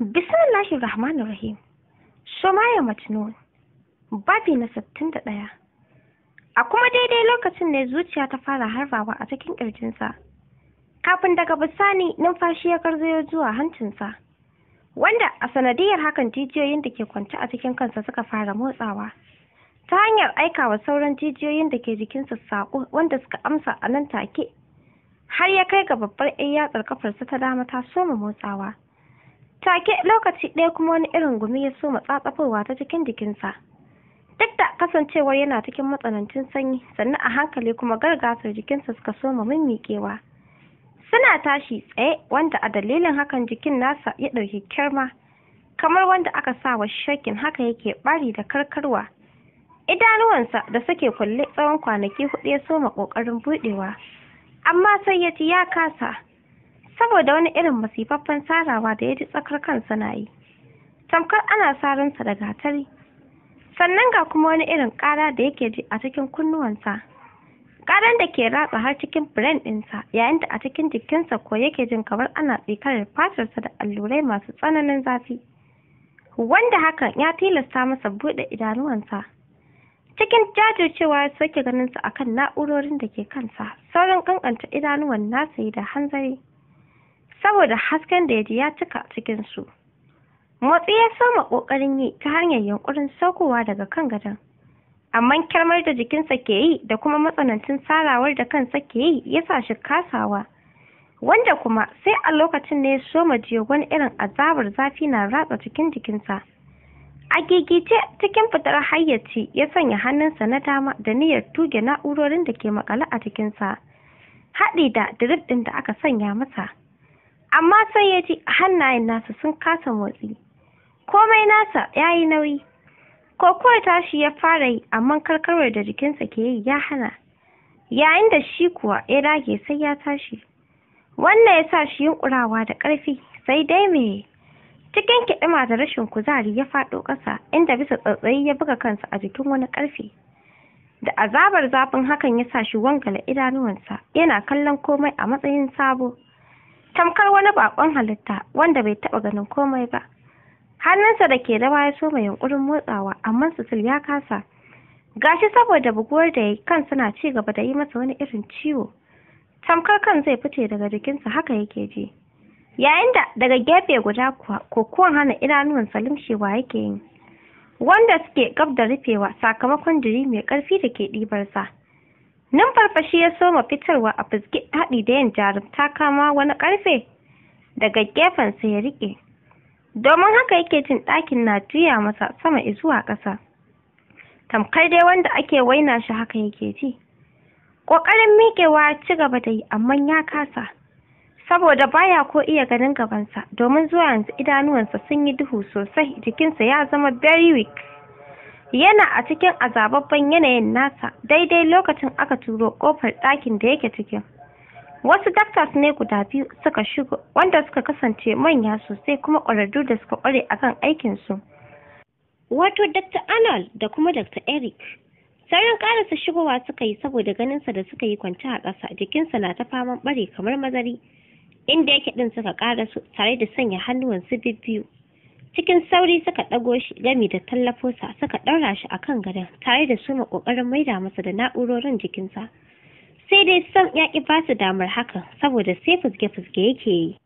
Bismillahir rahmanu Rahim. Somaya Majnun. Babi na da ɗaya. A kuma daidai lokacin ne zuciya ta fara harbawa a cikin ƙirjinsa. Kafin daga bisani numfashi ya garzayo zuwa hancinsa. Wanda a sanadiyar hakan jijiyoyin da ke kwance a cikin kansa suka fara motsawa. Ta hanyar aikawa sauran jijiyoyin da ke jikinsa saƙo wanda suka amsa a nan take. Har ya kai ga babbar 'yan yatsar kafarsa ta dama ta soma motsawa. take lokaci ɗaya kuma wani irin gumi ya soma tsatsafowa ta cikin jikinsa duk da kasancewar yana cikin matsanancin sanyi sannan a hankali kuma gargasar jikinsa suka soma mimmiƙewa suna tashi tsaye wanda a dalilin hakan jikin nasa ya ɗauki kyarma kamar wanda aka sa wa shakin haka yake ɓari da karkarwa idanuwansa da suke kulle tsawon kwanaki huɗu ya soma ƙoƙarin buɗewa amma sai ya ci ya kasa saboda wani irin masifaffen sarawa da ya ji tsakar kan suna yi tamkar ana sarinsa daga hatari, sannan ga kuma wani irin ƙara da yake ji a cikin kunnuwansa ƙaran da ke ratsa har cikin brain ɗinsa yayin da a cikin jikinsa ko yake jin kamar ana tsikarar fatarsa da allurai masu tsananin zafi wanda hakan ya tilasta masa buɗe idanuwansa cikin jajircewa ya soke ganinsa akan na'urorin da ke kansa saurin ƙanƙanta idanuwan nasa da hanzari saboda hasken da ya ji ya cika cikin su motsi ya sama ƙoƙarin yi ta hanyar yankurin saukowa daga kan gadon amma kyarmar da jikinsa ke yi da kuma matsanancin sarawar da kansa ke yi ya sa shi kasawa wanda kuma sai a lokacin ne ya soma jiyo wani irin azabar zafi na ratsa cikin jikinsa a gigice cikin fitar hayyaci ya sanya hannunsa na dama da niyyar tuge na'urorin da ke makale a jikinsa. haɗi da dirif ɗin da aka sanya masa amma sai ya ji hannayen nasa sun kasa motsi komai nasa ya yi nauyi kokowar tashi ya fara yi amma karkarwar da jikinsa ke yi ya hana yayin da shi kuwa ya dage sai ya tashi wannan ya sa shi yunkurawa da ƙarfi sai dai me cikin kiɗima da rashin kuzari ya faɗo ƙasa inda bisa tsatsayi ya buga kansa a jikin wani ƙarfe da azabar zafin hakan ya sa shi wangala idanuwansa yana kallon komai a matsayin sabo tamkar wani bakon halitta wanda bai taɓa ganin komai ba hannunsa da ke da baya so mai yunkurin motsawa amma sutil ya kasa gashi saboda buguwar da ya kan suna ci gaba da yi masa wani irin ciwo tamkar kan zai fice daga jikinsa haka yake ji yayin da daga gefe guda kuwa kokuwan hana idanuwan shewa yake yi wanda suke gab da rufewa sakamakon jiri mai karfi da ke ɗibarsa nan farfashi ya soma fitarwa a fuske haɗi da yin jarumta kama wani ƙarfe daga gefensa ya riƙe domin haka yake jin ɗakin na juya masa sama zuwa ƙasa tamkar dai wanda ake waina shi haka yake ji ƙoƙarin miƙewa ci gaba da yi amma ya kasa saboda baya ko iya ganin gabansa domin zuwa yanzu idanuwansa sun yi duhu sosai jikinsa ya zama very weak yana a cikin azababban yanayin nasa daidai lokacin aka turo kofar ɗakin da yake cikin wasu doctors ne guda biyu suka shigo wanda suka kasance manya sosai kuma ƙwararru da suka ƙware akan aikinsu wato dr arnold da kuma dr eric sauran ƙarasa shigowa suka yi saboda ganinsa da suka yi kwance a ƙasa jikinsa na ta faman ɓare kamar mazari inda yake ɗin suka ƙara tare da sanya hannuwan su bibbiyu cikin sauri suka ɗago shi gami da tallafosa suka ɗaura shi a kan gadon tare da suma ƙoƙarin maida masa da na'urorin jikinsa sai dai sam ya ƙi ba su damar hakan saboda sai fuske-fuske yake yi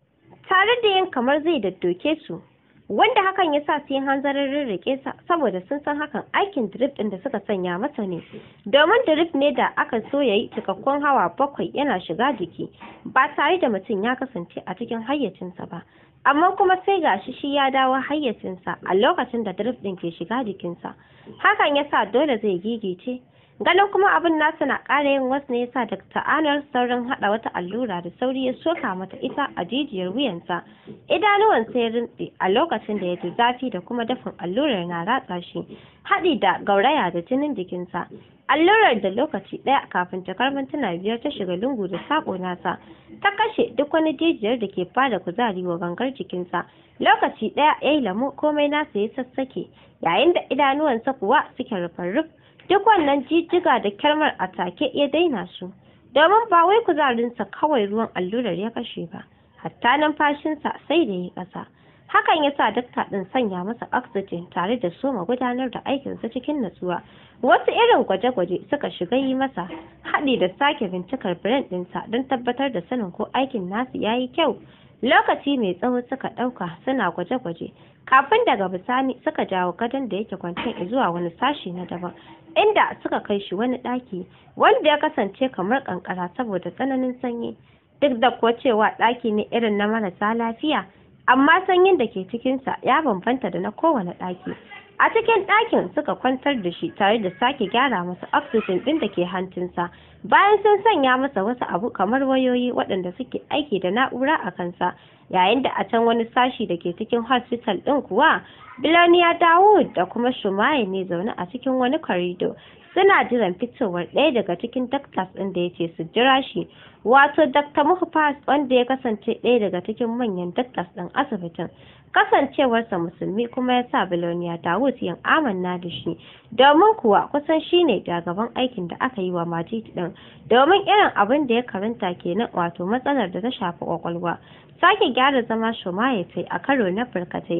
tare da yin kamar zai daddoke su wanda hakan ya sa sai hanzarin rirriƙe sa saboda sun san hakan aikin drip ɗin da suka sanya masa ne domin drip ne da aka so ya yi cikakkun hawa bakwai yana shiga jiki ba tare da mutum ya kasance a cikin hayyacinsa ba amma kuma sai ga shi shi ya dawo hayyacinsa a lokacin da Drif ɗin ke shiga jikinsa hakan ya sa dole zai gigice ganin kuma abin nasa na ƙara yin wasu ne yasa Dr. Anar saurin haɗa wata allura da sauri ya soka mata ita a jijiyar wuyansa. Idanuwan ya rintse a lokacin da ya ji zafi da kuma dafin allurar na ratsa shi, haɗi da gauraya da jinin jikinsa. Allurar da lokaci ɗaya kafin jakar mintuna biyar ta shiga lungu da saƙo nasa, ta kashe duk wani jijiyar da ke fada kuzari wa gangar jikinsa. Lokaci ɗaya ya yi lamu komai nasa ya sassake, yayin da idanuwansa kuwa suke rufar ruf. duk wannan jijjiga da kyarmar a take ya daina su domin ba wai kuzarinsa kawai ruwan allurar ya kashe ba hatta numfashinsa sai da ya ƙasa hakan ya sa dakta ɗin sanya masa oxygen tare da soma gudanar da aikinsa cikin natsuwa wasu irin gwaje-gwaje suka shiga yi masa haɗi da sake bincikar brain ɗinsa don tabbatar da sanin ko aikin nasu ya yi kyau lokaci mai tsawo suka ɗauka suna gwaje-gwaje kafin daga bisani suka jawo gadon da yake kwancin zuwa wani sashi na daban inda suka kai shi wani ɗaki wanda ya kasance kamar kankara saboda tsananin sanyi duk da kuwa cewa ɗaki ne irin na marasa lafiya amma sanyin da ke cikinsa ya bambanta da na kowane ɗaki a cikin ɗakin suka kwantar da shi tare da sake gyara masa oxygen ɗin da ke hantinsa bayan sun sanya masa wasu abu kamar wayoyi waɗanda suke aiki da na'ura a kansa yayin da a can wani sashi da ke cikin hospital ɗin kuwa bilonia dawud da kuma shumaye ne zaune a cikin wani karido suna jiran fitowar ɗaya daga cikin doctors ɗin da ya ce su jira shi wato dr muhfaz wanda ya kasance ɗaya daga cikin manyan doctors ɗin asibitin kasancewarsa musulmi kuma ya sa biloniya dawud yin amanna da shi domin kuwa kusan shine jagaban aikin da aka yi wa majid ɗin domin irin abin da ya karanta kenan wato matsalar da ta shafi kwakwalwa sake gyara zama shumaye sai a karo na farkatai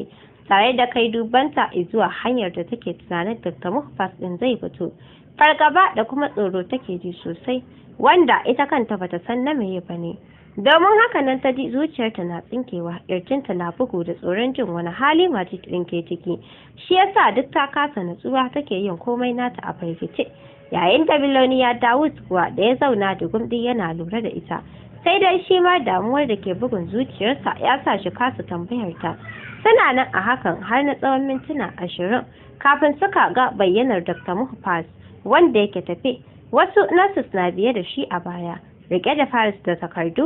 tare da kai dubanta zuwa hanyar da take tunanin dr muhfas din zai fito fargaba da kuma tsoro take ji sosai wanda ita kanta bata san na meye ba ne domin haka nan ta ji zuciyarta na tsinkewa ƙirjinta na bugu da tsoron jin wani hali mace tsinke ciki shi yasa duk ta kasa natsuwa take yin komai nata a firgice yayin da biloniya dawud kuwa da ya zauna da gumdi yana lura da ita sai dai shi ma damuwar da ke bugun zuciyarsa ya sa shi kasa tambayar ta suna nan a hakan har na tsawon mintuna ashirin kafin suka ga bayyanar dr muhfaz wanda yake tafe wasu nurses na biye da shi a baya rike da faris da takardu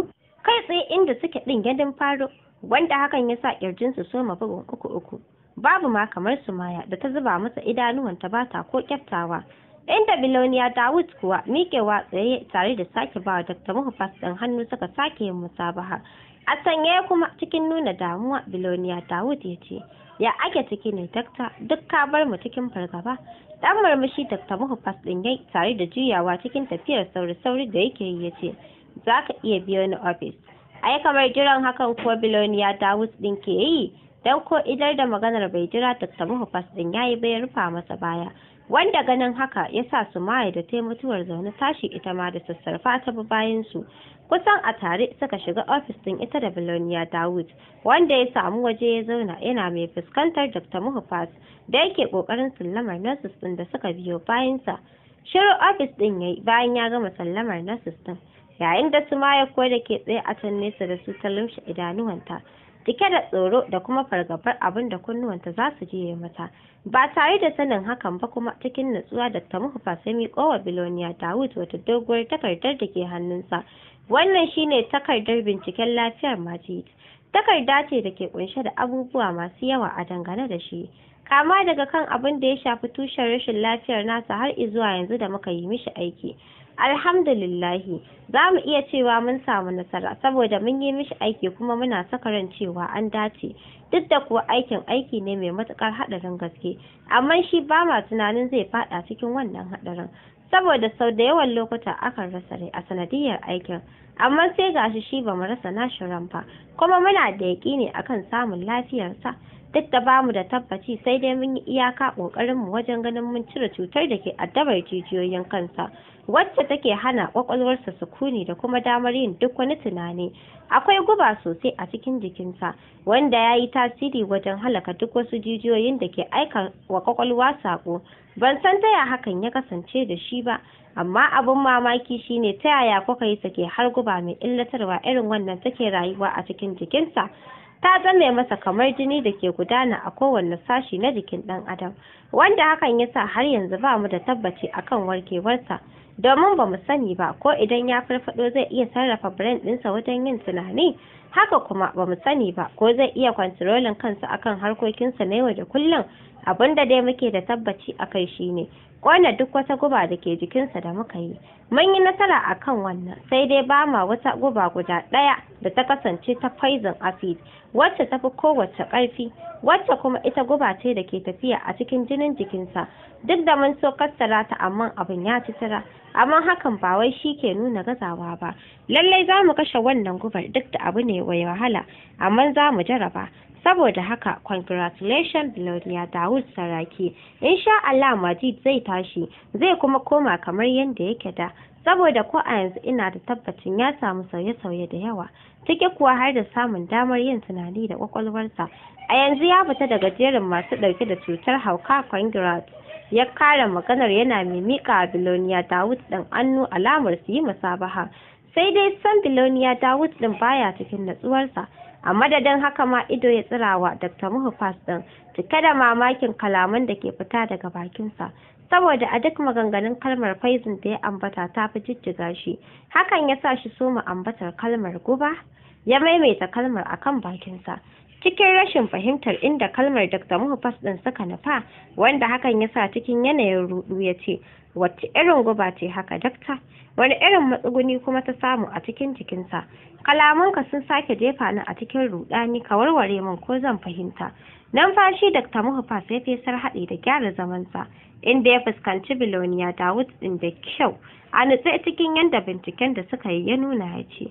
kai tsaye inda suke ɗin gadin faro wanda hakan ya sa ƙirjinsu soma bugun uku uku babu ma kamar su maya, da ta zuba masa idanuwanta ba ta ko kyaftawa inda biloniya dawud kuwa miƙewa tsaye tare da sake ba dr muhu pass ɗin hannu suka sake yin musabaha a sanye kuma cikin nuna damuwa Bilonia dawud ya ce ya ake ciki ne dakta duk ka bar mu cikin fargaba dan murmushi Dr. muhu ɗin yai tare da juyawa cikin tafiyar sauri-sauri da yake yi ya ce za ka iya biyo ni ofis ai kamar jiran hakan ko biloniya dawud ɗin ke yi don ko idar da maganar bai jira Dr. muhu pass ɗin ya yi bai rufa masa baya wanda ganin haka ya sa su maye da tai mutuwar zaune tashi ita ma da sassarfa ta bi bayan su kusan a tare suka shiga ofis din ita da Bologna Dawud wanda ya samu waje ya zauna yana mai fuskantar Dr. Muhafaz da yake kokarin sallamar nurses din da suka biyo bayan sa shirin ofis din yayi bayan ya gama sallamar nurses din yayin da su maye ko da ke tsaye a can nesa da su ta lumshe idanuwanta Dike da tsoro da kuma fargabar abin da kunnuwanta za su jiye mata ba tare da sanin hakan ba kuma cikin natsuwa da ta muku fasa mi kowa biloniya dawud wata doguwar takardar da ke hannunsa wannan shine takardar binciken lafiyar majid takarda ce da ke kunshe da abubuwa masu yawa a dangane da shi kama daga kan abin da ya shafi tushen rashin lafiyar nasa har izuwa yanzu da muka yi mishi aiki alhamdulillahi za mu iya cewa mun samu nasara saboda mun yi mishi aiki kuma muna sakaran cewa an dace duk da kuwa aikin aiki ne mai matukar haɗarin gaske amma shi ba ma tunanin zai faɗa cikin wannan haɗarin saboda sau da yawan lokuta akan rasa rai a sanadiyar aikin amma sai gashi shi ba mu rasa nashi ramfa kuma muna da yaƙini akan samun lafiyarsa duk da bamu da tabbaci sai dai mun yi iyaka ƙoƙarinmu wajen ganin mun cire cutar da ke addabar jijiyoyin kansa wacce take hana ƙwaƙwalwarsa sukuni da kuma damar yin duk wani tunani akwai guba sosai a cikin jikinsa wanda ya yi tasiri wajen halaka duk wasu jijiyoyin da ke aika wa ƙwaƙwalwa saƙo ban san ta ya hakan ya kasance da shi ba amma abun mamaki shine ta yaya kuka yi sake har guba mai illatarwa irin wannan take rayuwa a cikin jikinsa ta zame masa kamar jini da ke gudana a kowane sashi na jikin ɗan adam wanda hakan ya sa har yanzu ba mu da tabbaci akan warkewarsa domin ba mu sani ba ko idan ya farfado zai iya sarrafa brain ɗinsa wajen yin tunani haka kuma ba mu sani ba ko zai iya kwantirolin kansa akan harkokinsa na yau da kullum abin da dai muke da tabbaci a kai shine kona duk wata guba da ke jikinsa da muka yi mun yi nasara a kan wannan sai dai ba ma wata guba guda ɗaya da ta kasance ta poison acid wacce ta fi kowace karfi wacce kuma ita guba ce da ke tafiya a cikin jinin jikinsa duk da mun so kassara ta amma abin ya ci tura amma hakan ba wai shi ke nuna gazawa ba lallai za mu kashe wannan gubar duk da abu ne mai wai wahala amma za mu jaraba saboda haka congratulation Gloria Dawud Saraki insha Allah Majid zai tashi zai kuma koma kamar yadda yake da saboda ko a yanzu ina da tabbacin ya samu sauye-sauye da yawa take kuwa har da samun damar yin tunani da kwakwalwarsa a yanzu ya fita daga jerin masu ɗauke da cutar hauka congrat ya kare maganar yana mimika Bilonia Dawud ɗin annu alamar su yi musabaha sai dai sambiloniya dawud din baya cikin natsuwarsa a madadin haka ma ido ya tsirawa dr Fast din cike da mamakin kalaman da ke fita daga bakinsa saboda a duk maganganun kalmar faizin da ya ambata ta fi jijjiga shi hakan ya sa shi soma ambatar kalmar guba ya maimaita kalmar akan bakinsa cikin rashin fahimtar inda kalmar Dr. Muhafas ɗin suka nufa wanda hakan ya sa cikin yanayin rudu ya ce wacce irin guba ce haka dakta wani irin matsuguni kuma ta samu a cikin jikinsa kalamanka sun sake jefa ni a cikin rudani ka warware min ko zan fahimta numfashi Dr. Muhafas ya fesar haɗi da gyara zamansa inda ya fuskanci bilonia Dawud ɗin da kyau a nutse cikin yadda binciken da suka yi ya nuna ya ce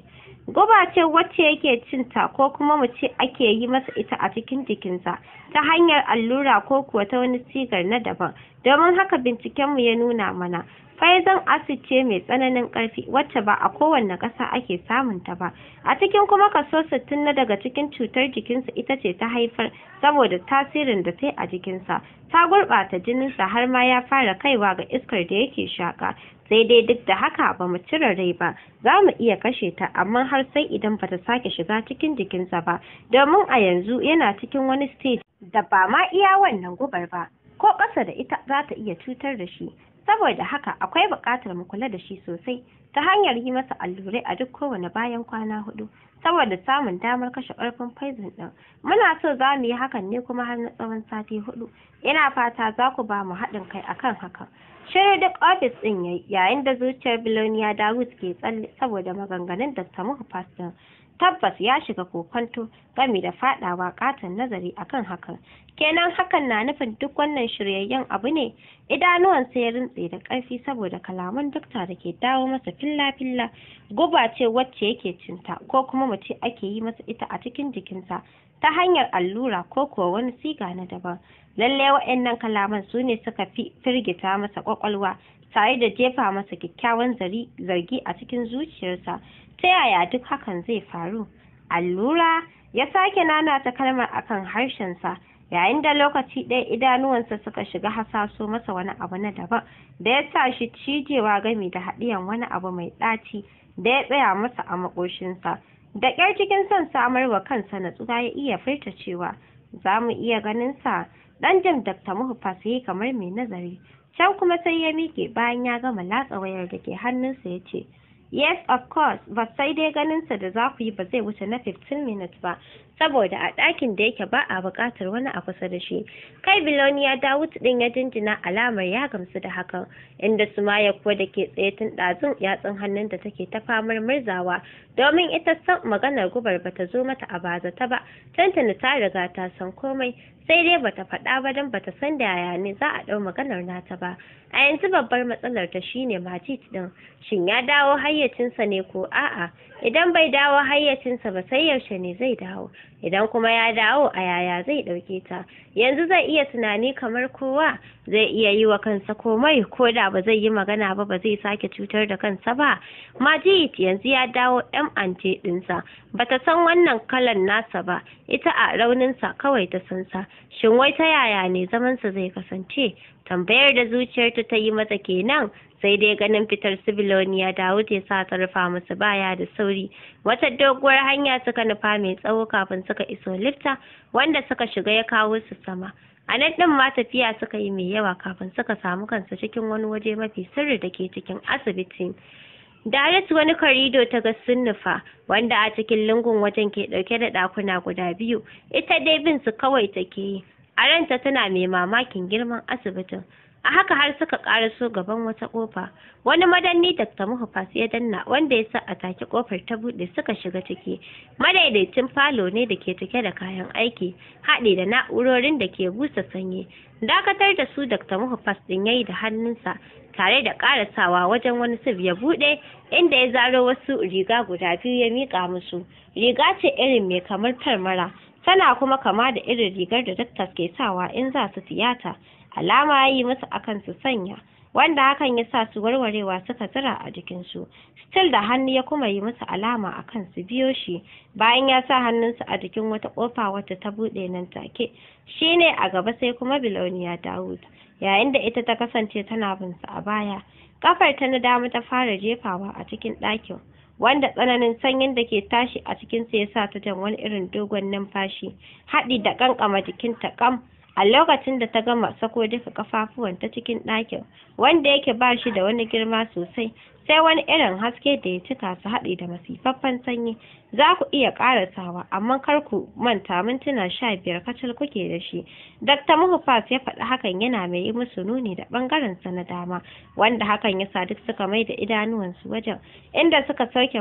guba ce wacce yake cinta ko kuma mu ce ake yi masa ita a cikin jikinsa ta hanyar allura ko kuwa ta wani sigar na daban domin haka bincikenmu ya nuna mana faizan acid ce mai tsananin karfi wacce ba a kowanne ƙasa ake samun ta ba a cikin kuma kaso 60 na daga cikin cutar jikinsa ita ce ta haifar saboda tasirin da sai a jikinsa ta gurɓata jininsa har ma ya fara kaiwa ga iskar da yake shaka sai dai duk da haka ba mu cire rai ba za mu iya kashe ta amma har sai idan ba ta sake shiga cikin jikinsa ba domin a yanzu yana cikin wani stage da ba ma iya wannan gubar ba ko ƙasa da ita za ta iya cutar da shi saboda haka akwai buƙatar mu kula da shi sosai ta hanyar yi masa allurai a duk kowane bayan kwana hudu saboda samun damar kashe ƙarfin poison ɗin muna so za mu yi hakan ne kuma har na tsawon sati hudu ina fata za ku ba mu haɗin kai akan haka shirin duk ofis ɗin yayin da zuciyar biloniya dawud ke tsalle saboda maganganun da samu fastin tabbas ya shiga kokonto gami da fadawa katon nazari akan hakan kenan hakan na nufin duk wannan shiryayyen abu ne idanuwan sa ya rintse da karfi saboda kalaman dokta da ke dawo masa filla filla guba ce wacce yake cinta ko kuma mace ake yi masa ita a cikin jikinsa ta hanyar allura ko kuwa wani siga na daban lalle wa'annan kalaman su ne suka fi firgita masa kwakwalwa tare da jefa masa kyakkyawan zargi a cikin zuciyarsa ta yaya duk hakan zai faru allura ya sake nanata kalmar akan harshensa yayin da lokaci ɗaya idanuwansa suka shiga hasaso masa wani abu na daban da ya sa shi cijewa gami da haɗiyan wani abu mai ɗaci da ya tsaya masa a maƙoshinsa da ƙyar cikin son samar wa kansa natsuwa ya iya furta cewa za mu iya ganin sa ɗan jam dakta muhufa su yi kamar mai nazari can kuma sai ya miƙe bayan ya gama latsa wayar da ke hannunsa ya ce Yes, of course, but sai dai ganinsa da za ku yi ba zai wuce 15 minutes ba. saboda a ɗakin da yake ba a buƙatar wani a kusa da shi kai biloniya dawud ɗin ya jinjina alamar ya gamsu da hakan inda sumaya kuwa da ke tsaye tun ɗazun yatsun hannun da take ta famar murzawa domin ita san maganar gubar ba ta zo mata a bazata ba tantana ta riga ta san komai sai dai bata faɗa ba don bata san da yaya ne za a ɗau maganar nata ba a yanzu babbar matsalar ta shine majid ɗin shin ya dawo hayyacinsa ne ko a'a idan bai dawo hayyacinsa ba sai yaushe ne zai dawo idan kuma ya dawo a yaya zai ɗauke ta yanzu zai iya tunani kamar kowa zai iya yi wa kansa komai ko da ba zai yi magana ba ba zai sake cutar da kansa ba majid yanzu ya dawo ɗan ante ɗinsa ba ta san wannan kalan nasa ba ita a rauninsa kawai ta san sa shin wai ta yaya ne zamansa zai kasance tambayar da zuciyarta ta yi mata kenan sai dai ganin fitar sibiloniya dawud ya sa ta musu baya da sauri wata doguwar hanya suka nufa mai tsawo kafin suka iso lifta wanda suka shiga ya kawo su sama a nan din ma tafiya suka yi mai yawa kafin suka samu kansa cikin wani waje mafi sirri da ke cikin asibitin Daret wani karido ta ga sunnufa wanda a cikin lungun wajen ke dauke da ɗakuna guda biyu ita dai bin su kawai take yi a ranta tana mai mamakin girman asibitin a haka har suka ƙaraso gaban wata ƙofa. wani madanni dakta muhafas ya danna wanda ya sa a take kofar ta buɗe suka shiga ciki madaidaicin falo ne da ke cike da kayan aiki haɗe da na'urorin da ke busa sanyi dakatar da su dakta muhafas din yayi da hannunsa tare da ƙarasawa wajen wani sif ya buɗe, inda ya zaro wasu riga guda biyu ya miƙa musu riga ce irin mai kamar tarmara tana kuma kama da irin rigar da dakta ke sawa in za su tiyata alama ya yi musu akan su sanya wanda hakan ya sa su warwarewa suka tsira a jikinsu still da hannu ya kuma yi musu alama akan su biyo shi bayan ya sa hannunsu a jikin wata kofa wata ta buɗe nan take shi ne a gaba sai kuma biloniya ta huta yayin da ita ta kasance tana bin su a baya kafar ta na dama ta fara jefawa a cikin ɗakin wanda tsananin sanyin da ke tashi a cikin sa ya sa ta jan wani irin dogon numfashi haɗi da kankama jikinta kam a lokacin da ta gama sako duka kafafuwan ta cikin ɗakin wanda yake ba shi da wani girma sosai sai wani irin haske da ya cika su haɗe da masifaffen sanyi za ku iya ƙarasawa amma kar ku manta mintuna sha biyar kacal kuke da shi dr muhufas ya faɗi hakan yana mai yi musu nuni da ɓangarensa na dama wanda hakan ya sa duk suka mai da idanuwansu wajen inda suka sauke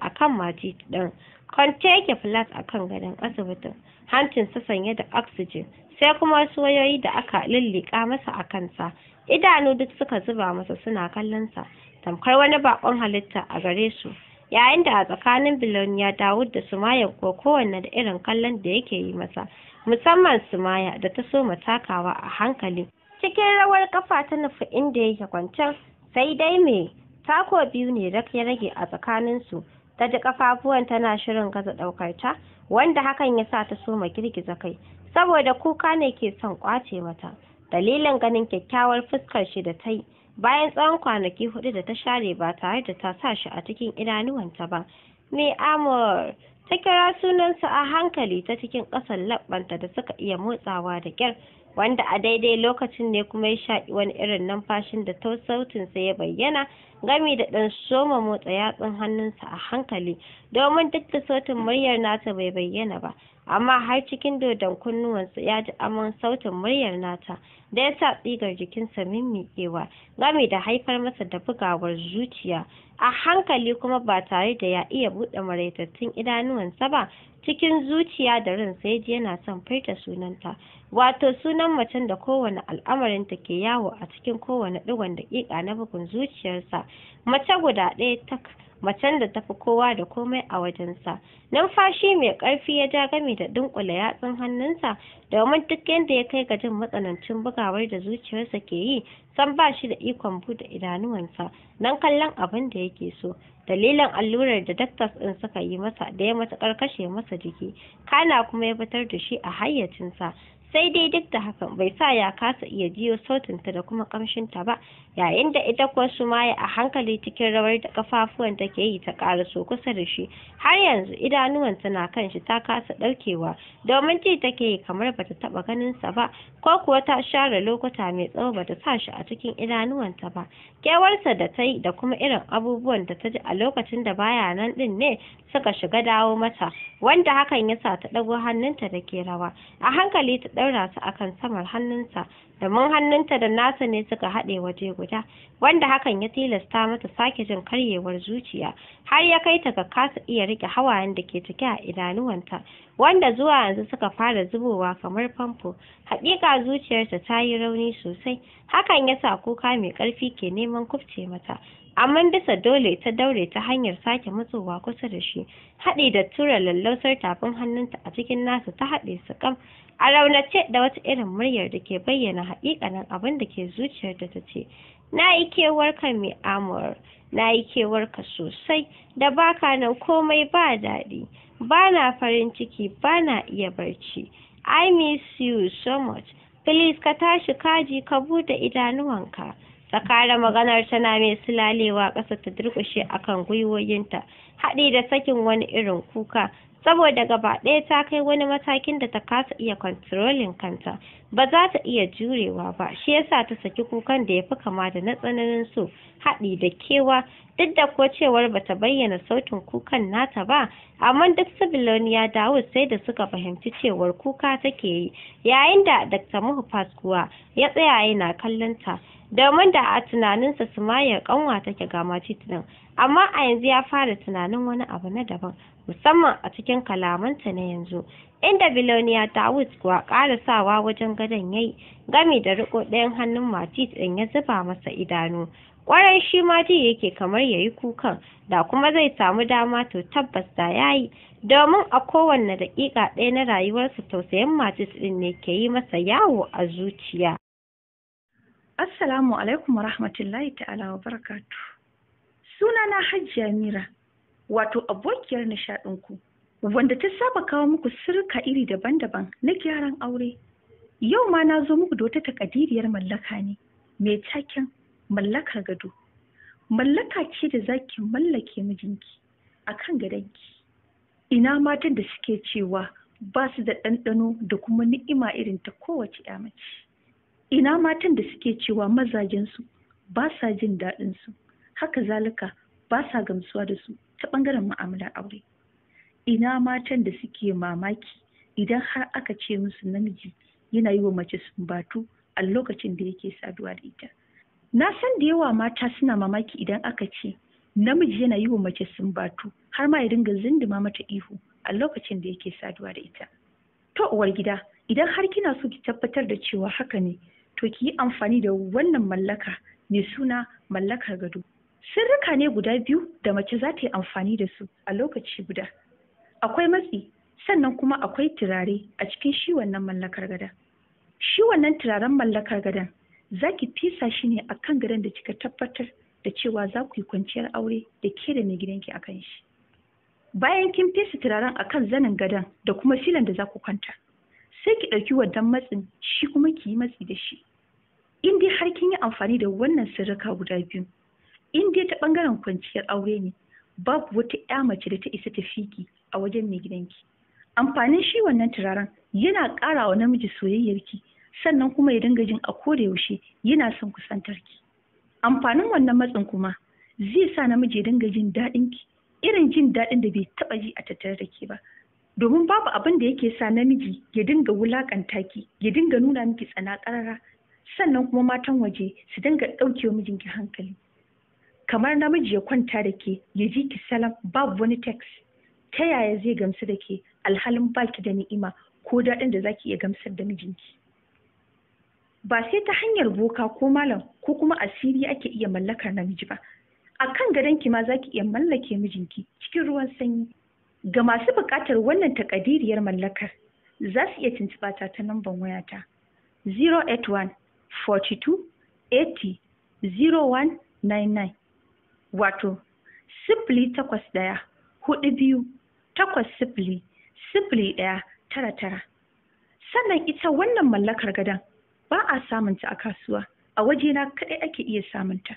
a kan maji ɗin kwance yake flat a kan gadon asibitin hancinsa sanye da oxygen sai kuma wasu wayoyi da aka lullika masa a kansa idanu duk suka zuba masa suna kallonsa tamkar wani bakon halitta a gare su yayin da a tsakanin biloniya dawud da sumaya ko kowanne da irin kallon da yake yi masa musamman sumaya da ta so matakawa a hankali cikin rawar kafa ta nufi inda yake kwancen sai dai me tako biyu ne rak ya rage a tsakaninsu ta ji kafafuwan tana shirin gaza ɗaukar ta wanda hakan ya sa ta soma girgiza kai saboda kuka ne ke son kwace mata dalilin ganin kyakkyawar fuskar shi da ta yi bayan tsawon kwanaki hudu da ta share ba tare da ta sa shi a cikin idanuwanta ba me amur ta kira sunansa a hankali ta cikin ƙasar labbanta da suka iya motsawa da kyar wanda a daidai lokacin ne kuma ya shaƙi wani irin numfashin da ta sautinsa ya bayyana gami da ɗan soma motsa yatsun hannunsa a hankali domin duk da sautin muryar nata bai bayyana ba amma har cikin dodon kunnuwansa ya ji aman sautin muryar nata da ya sa tsigar jikinsa mimmiƙewa gami da haifar masa da bugawar zuciya a hankali kuma ba tare da ya iya buɗe maraitattun idanuwansa ba cikin zuciya da ran sai ji yana son furta sunanta wato sunan macen da kowane al'amarinta ke yawo a cikin kowane digon daƙiƙa na bugun zuciyarsa mace guda ɗaya ta. macen da tafi kowa da komai a wajensa numfashi mai ƙarfi ya ja gami da dunkula yatsun hannunsa domin duk yadda ya kai ga jin matsanancin bugawar da zuciyarsa ke yi san ba shi da ikon buɗe idanuwansa don kallon abin da yake so dalilin allurar da daktas ɗin suka yi masa da ya matuƙar kashe masa jiki kana kuma ya fitar da shi a hayyacinsa sai dai duk da hakan bai sa ya kasa iya jiyo sautinta da kuma kamshinta ba yayin da ita kuwa sumaya a hankali cikin rawar da kafafuwan take yi ta ƙara so kusa da shi har yanzu idanuwan tana kan shi ta kasa ɗaukewa domin ji take yi kamar bata taba ganinsa ba ko kuwa ta share lokuta mai tsawo bata sa shi a cikin idanuwanta ba kewarsa da ta yi da kuma irin abubuwan da ta ji a lokacin da baya nan ɗin ne suka shiga dawo mata wanda hakan ya sa ta ɗago hannunta da ke rawa a hankali ta ɗaura su akan samar hannunsa domin hannunta da nasa ne suka haɗe waje guda wanda hakan ya tilasta mata sake jin karyewar zuciya har ya kai ta ga kasa iya riƙe hawayen da ke cike a idanuwanta wanda zuwa yanzu suka fara zubowa kamar famfo haƙiƙa zuciyarta ta yi rauni sosai hakan ya sa kuka mai ƙarfi ke neman kufce mata amma bisa dole ta daure ta hanyar sake matsowa kusa da shi haɗi da tura lallausar tafin hannunta a cikin nasa ta haɗe su kam a raunace da wata irin muryar da ke bayyana haƙiƙanin abin da ke zuciyar ta ce na yi kewar ka mai amur na yi kewar ka sosai da baka nan komai ba daɗi ba na farin ciki ba na iya barci i miss you so much please ka tashi kaji ka bude idanuwanka ta kare maganar tana mai sulalewa ƙasa ta durƙushe akan gwiwoyinta haɗi da sakin wani irin kuka saboda gaba ɗaya ta kai wani matakin da ta kasa iya kwantirolin kanta ba za ta iya jurewa ba shi yasa ta saki kukan da ya fi kama da na tsananin so haɗi da kewa duk da ko cewar ba ta bayyana sautin kukan nata ba amma duk sibiloniya dawud sai da suka fahimci cewar kuka take yi yayin da dr muhu kuwa ya tsaya yana kallon ta domin da a tunaninsa sumayar kanwa take ga mace tunan amma a yanzu ya fara tunanin wani abu na daban musamman a cikin kalamanta na yanzu inda biloniya Dawud kuwa sawa wajen gadon yayi gami da riko ɗayan hannun matit ɗin ya zuba masa idanu kwarai shi ma ji yake kamar yayi kukan da kuma zai samu dama to tabbas da yayi domin a kowanne daƙiƙa ɗaya na rayuwarsa tausayin matit ɗin ne ke yi masa yawo a zuciya Assalamu alaikum wa rahmatullahi ta'ala wa barakatu. na Hajjiya Mira, wato abokiyar nishaɗinku, wanda ta saba kawo muku sirka iri daban-daban na gyaran aure. Yau ma na zo muku da wata takadiriyar mallaka ne, mai taken mallakar gado. Mallaka ce da za ki mallake mijinki a kan gadonki. Ina matan da suke cewa ba su da ɗanɗano da kuma ni'ima irin ta kowace 'ya mace. ina matan da suke cewa mazajensu ba sa jin daɗin su? haka zalika ba sa gamsuwa da su ta ɓangaren mu'amalar aure ina matan da suke mamaki idan har aka ce musu namiji yana yi wa mace sumbatu a lokacin da yake saduwa da ita na san da yawa mata suna mamaki idan aka ce namiji yana yi wa mace sumbatu har ma ya dinga zindima mata ihu a lokacin da yake saduwa da ita to uwar gida idan har kina so ki tabbatar da cewa haka ne to ki yi amfani da wannan mallaka mai suna mallakar gado sirrika ne guda biyu da mace za ta yi amfani da su a lokaci guda akwai matsi sannan kuma akwai turare a cikin shi wannan mallakar gada shi wannan turaren mallakar gadan za ki fisa shi ne a kan gadon da kika tabbatar da cewa za ku yi kwanciyar aure da ke da mai gidanki a kan shi bayan kin fesa turaren a kan zanin gadon da kuma filan da za ku kwanta sai ki ɗauki wannan matsin shi kuma ki yi matsi da shi in dai har kin yi amfani da wannan sirrika guda biyu in dai ta ɓangaren kwanciyar aure ne babu wata ya mace da ta isa ta fiki a wajen mai gidanki amfanin shi wannan turaren yana ƙara wa namiji soyayyarki sannan kuma ya dinga jin a koda yaushe yana son kusantarki amfanin wannan matsin kuma zai sa namiji ya dinga jin daɗin ki irin jin daɗin da bai taɓa ji a tattare da ke ba domin babu abin da yake sa namiji ya dinga wulakanta ki ya dinga nuna miki tsana ƙarara, sannan kuma matan waje su dinga ɗauke mijinki hankali kamar namiji ya kwanta da ke ya ji ki salam babu wani text ta yaya zai gamsu da ke alhalin baki da ni'ima ko daɗin da zaki iya gamsar da mijinki ba sai ta hanyar boka ko malam ko kuma asiri ake iya mallakar namiji ba a kan gadonki ma zaki iya mallake mijinki cikin ruwan sanyi Ga masu buƙatar wannan takadiriyar mallakar za su iya tuntuɓa ta ta lambar wayata 081-42-80-0199 wato 081 takwas ɗaya hudu biyu takwas ɗaya tara tara sannan ita wannan mallakar gadon ba a samunta a kasuwa a wajena kaɗai ake iya samunta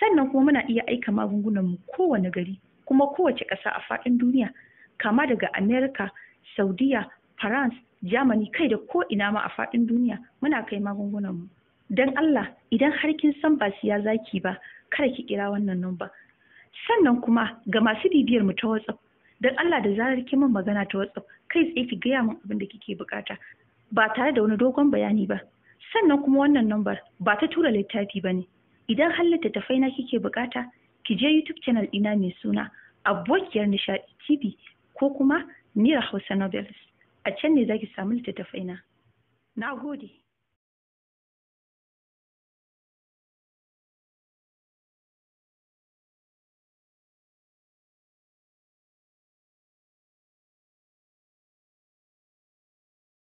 sannan kuma muna iya aika magungunanmu kowane gari kuma kowace ƙasa a faɗin duniya kama daga america Saudiya, France, Germany kai da ko ina ma a faɗin duniya muna kai magungunan mu. Don Allah idan har kin san ba siya zaki ba kada ki kira wannan numba. Sannan kuma ga masu bibiyar mu ta WhatsApp don Allah da zarar ki min magana ta WhatsApp kai tsaye ki gaya min abin da kike bukata ba tare da wani dogon bayani ba. Sannan kuma wannan numbar ba ta tura littafi ba ne. Idan har littattafai na kike bukata ki je YouTube channel ina mai suna abokiyar nishaɗi TV ko kuma nira Hausa Novels. A can ne zaki samu littattafai na. Na gode.